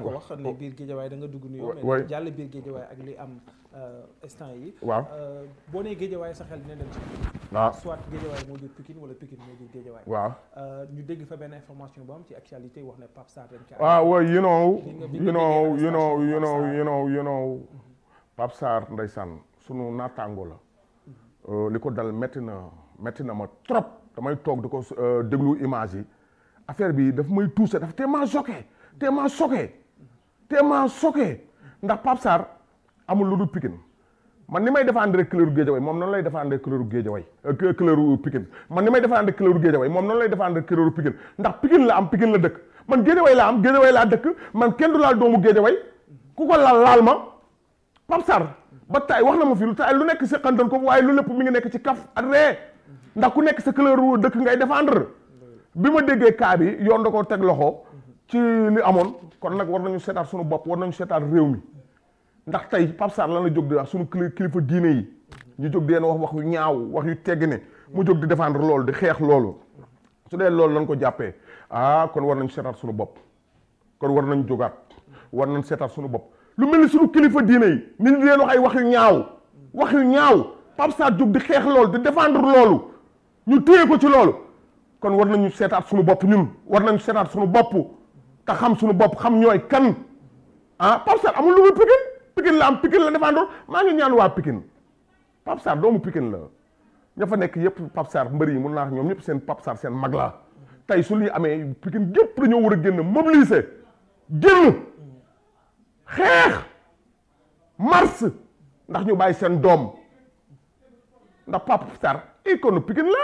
yaa ko wax ne oh. da nga dugg nuyoo mais jàll biir géejawaay ak li am euh, instant yi waaw euh, boo nee géejawaay sa xel dina dem ci ah. wala Pikine moo jur géejawaay waaw euh, ñu dégg fa benn information boo am ci actualité wax ne Pape Sarr dem ci ah waaw you know you know you know you know you know sunu naataango la mm-hmm. li ko dal metti na metti na ma trop damay toog di ko déglu image yi affaire bi daf may touché daf tellement choqué tellement choqué tellement choqué ndax Pape Sarr amul lu dul Pikine man ni may défendre couleur Guédiawaye moom noonu lay défendre couleur Guédiawaye euh, couleur Pikine man ni may défendre couleur Guédiawaye moom noonu lay défendre couleur Pikine ndax Pikine la am Pikine la dëkk man Guédiawaye la am Guédiawaye laa dëkk man kenn du laal doomu Guédiawaye ku ko laal laal ma Pape Sarr ba tay wax na ma fi lu tay lu nekk séqantan ko waaye lu lépp mi ngi nekk ci kaf ak ree ndax ku nekk sa couleur dëkk ngay défendre bi ma déggee cas bi yoon da ko teg loxo ci li amoon kon nag war nañu seetaat sunu bopp war nañu seetaat réew mi ndax tey Pape Sarr lan la jóg di wax suñu kilifa diine yi ñu jóg di leen wax wax yu ñaaw wax yu tegg ne mu jóg di défendre loolu di xeex loolu su dee loolu lañ ko jàppee ah kon war nañu seetaat suñu bopp kon war nañ jógaat war nañ seetaat suñu bopp lu mel ni suñu kilifa diine nit ñi di ay wax yu ñaaw wax yu ñaaw Pape Sarr jóg di xeex loolu di défendre loolu ñu téye ko ci loolu kon war nañu seetaat suñu bopp ñun war nañu seetaat suñu bopp te xam suñu bopp xam ñooy kan ah Pape Sarr amul lu muy Pikine Pikine la am Pikine la défendre maa ngi ñaan waa pikin Pape Sarr doomu pikin la ña fa nekk yëpp Pape Sarr yi mun naa ñoom ñëpp seen Pape Sarr seen tey su lii amee Pikine gépp dañoo war a génn mobiliser génn xeex mars ndax ñu bàyyi seen doom ndax Pape Sarr icône pikin la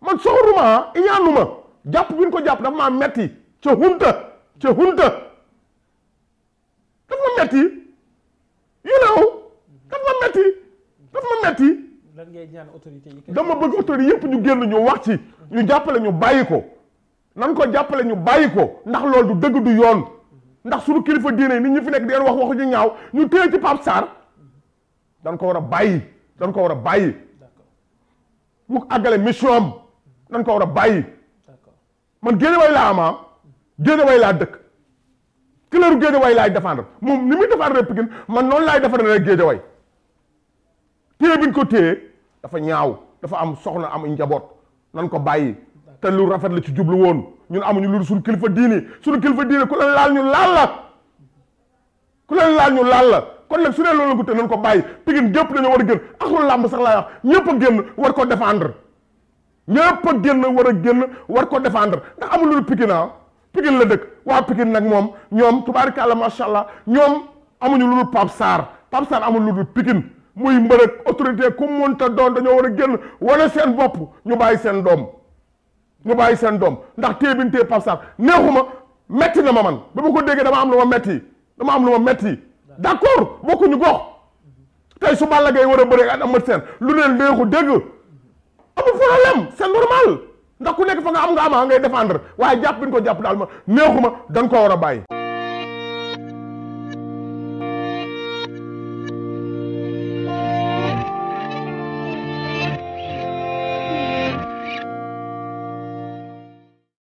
man soxoruma iñaanuma jàpp bi ko jàpp dafa maa metti ca hunta ca hunta daf ma metti you know daf ma metti daf ma metti ngay ñaan autorité dama bëgg autorité yëpp ñu génn ñu wax ci ñu jàppale ñu bàyyi ko nan ko jàppale ñu bàyyi ko ndax lool du dëgg du yoon ndax suñu kilifa diine yi nit ñi fi nekk di leen wax waxu ñu ñaaw ñu téye ci Pape Sarr dañ ko war a bàyyi dañ ko war a bàyyi mu àggale mission am dañ ko war a bàyyi man génn way laa ama ah. Géejawaay laa dëkk couleur Géejawaay laay défendre moom ni muy défendre Pikine man noonu laay défendre rek Géejawaay téye ko téye dafa ñaaw dafa am soxna am njaboot nan ko bàyyi te lu rafet la ci jublu woon ñun amuñu lu suñu kilifa diini suñu kilifa diini ku la laal ñu laal la ku leen laal ñu laal la kon nag su dee loolu la ko te nan ko bàyyi Pikine gépp dañoo war a génn axlu làmb sax laay wax ñëpp a génn war ko défendre ñëpp a génn war a génn war ko défendre ndax amul Pikine la dëkk waa Pikine nag moom ñoom tubaarikàlla macha allah ñoom amuñu lu dul Pape Sarr Pape Sarr amul lu dul Pikine muy mbër ak autorité ku mënta doon dañoo war a génn wane seen bopp ñu bàyyi seen doom ñu bàyyi seen doom ndax téye bi ñu téye Pape Sarr neexuma metti na ma man ba ma ko déggee dama am lu ma metti dama am lu ma metti d'accord bokkuñu gox tey su Balla Gaye war a bëree ak Eumeu Sène lu leen neexu dégg amul problème c'est normal ndax ku nekk fa nga am nga am ah, ngay défendre waaye jàpp bi ko jàpp daal ma neexuma dañ koo war a bàyyi.